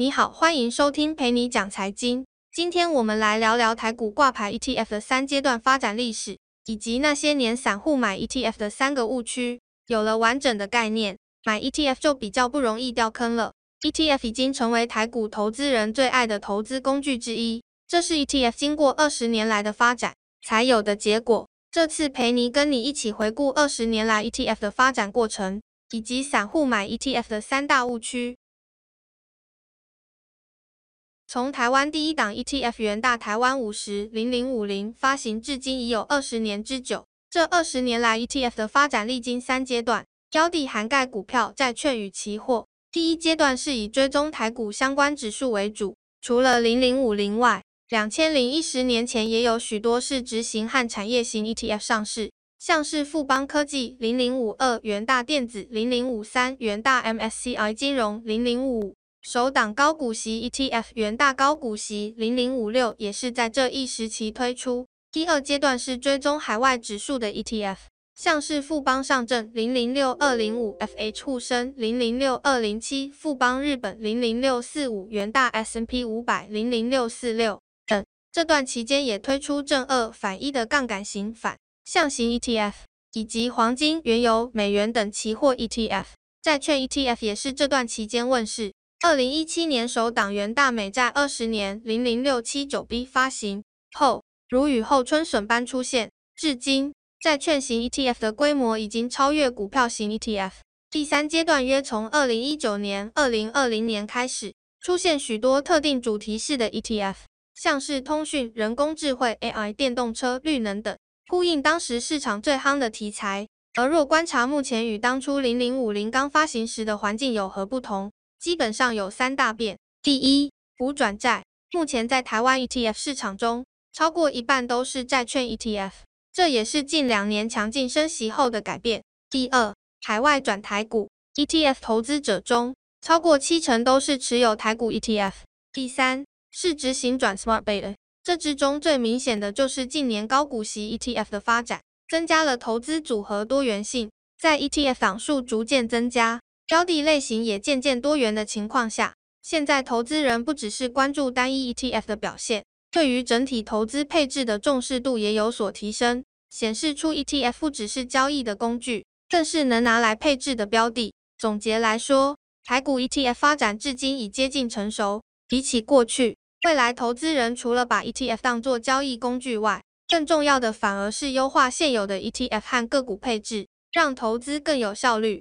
你好，歡迎收聽裴妮講財經。今天我們來聊聊台股掛牌 ETF 的三階段發展歷史，以及那些年散戶買 ETF 的三個誤區。有了完整的概念，買 ETF 就比較不容易掉坑了。ETF 已經成為台股投資人最愛的投資工具之一，這是 ETF 經過二十年來的發展才有的結果。這次裴妮跟你一起回顧二十年來 ETF 的發展過程，以及散戶買 ETF 的三大誤區。從台灣第一檔 ETF 元大台灣五十零零五零發行至今，已有二十年之久。這二十年來，ETF 的發展歷經三階段，標的涵蓋股票、債券與期貨。第一階段是以追蹤台股相關指數為主，除了零零五零外，兩千零一十年前也有許多市值型和產業型 ETF 上市，像是富邦科技零零五二、元大電子零零五三、元大 MSCI 金融零零五五。首檔高股息 ETF 元大高股息0056也是在這一時期推出。第二階段是追蹤海外指數的 ETF，像是富邦上證006205 FH 滬深006207、富邦日本00645、元大 S&P 500 00646等。這段期間也推出正二反一的槓桿型、反向型 ETF，以及黃金、原油、美元等期貨 ETF，債券 ETF 也是這段期間問世。二零一七年首檔元大美債二十年零零六七九 B 發行後，如雨後春筍般出現。至今，債券型 ETF 的規模已經超越股票型 ETF。第三階段約從二零一九年、二零二零年開始，出現許多特定主題式的 ETF，像是通訊、人工智慧、AI、電動車、綠能等，呼應當時市場最夯的題材。而若觀察目前與當初零零五零剛發行時的環境有何不同？基本上有三大變：第一，股轉債，目前在台灣 ETF 市場中，超過一半都是債券 ETF，這也是近兩年強勁升息後的改變；第二，海外轉台股，ETF 投資者中，超過七成都是持有台股 ETF；第三，市值型轉 Smart Beta，這之中最明顯的就是近年高股息 ETF 的發展，增加了投資組合多元性，在 ETF 檔數逐漸增加。標的類型也漸漸多元的情況下，現在投資人不只是關注單一 ETF 的表現，對於整體投資配置的重視度也有所提升，顯示出 ETF 不只是交易的工具，更是能拿來配置的標的。總結來說，台股 ETF 發展至今已接近成熟，比起過去，未來投資人除了把 ETF 當做交易工具外，更重要的反而是優化現有的 ETF 和個股配置，讓投資更有效率。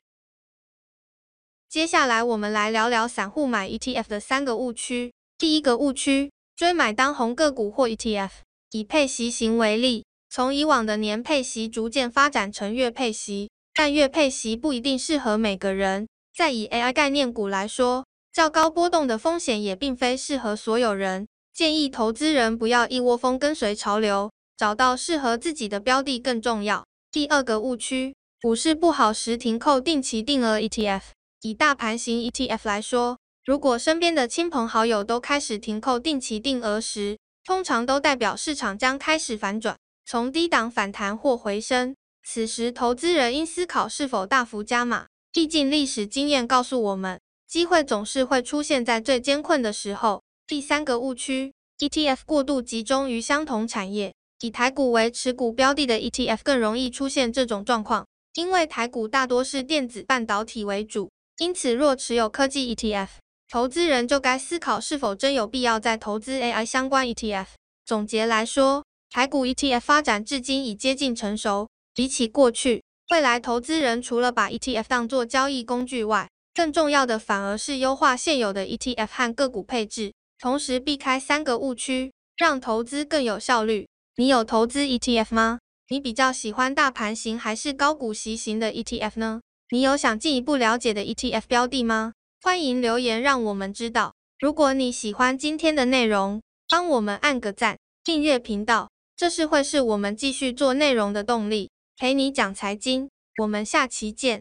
接下來我們來聊聊散戶買 ETF 的三個誤區。第一個誤區，追買當紅個股或 ETF。以配息型為例，從以往的年配息逐漸發展成月配息，但月配息不一定適合每個人。再以 AI 概念股來說，較高波動的風險也並非適合所有人。建議投資人不要一窩蜂跟隨潮流，找到適合自己的標的更重要。第二個誤區，股市不好時停扣定期定額 ETF。以大盤型 ETF 來說，如果身邊的親朋好友都開始停扣定期定額時，通常都代表市場將開始反轉，從低檔反彈或回升。此時，投資人應思考是否大幅加碼，畢竟歷史經驗告訴我們，機會總是會出現在最艱困的時候。第三個誤區，ETF 過度集中於相同產業，以台股為持股標的的 ETF 更容易出現這種狀況，因為台股大多是電子半導體為主。因此，若持有科技 ETF，投資人就該思考是否真有必要再投資 AI 相關 ETF。總結來說，台股 ETF 發展至今已接近成熟。比起過去，未來投資人除了把 ETF 當做交易工具外，更重要的反而是優化現有的 ETF 和個股配置，同時避開三個誤區，讓投資更有效率。你有投資 ETF 嗎？你比較喜歡大盤型還是高股息型的 ETF 呢？你有想進一步了解的 ETF 標的嗎？歡迎留言讓我們知道。如果你喜歡今天的內容，幫我們按個讚，訂閱頻道，這是會是我們繼續做內容的動力。裴妮講財經，我們下期見。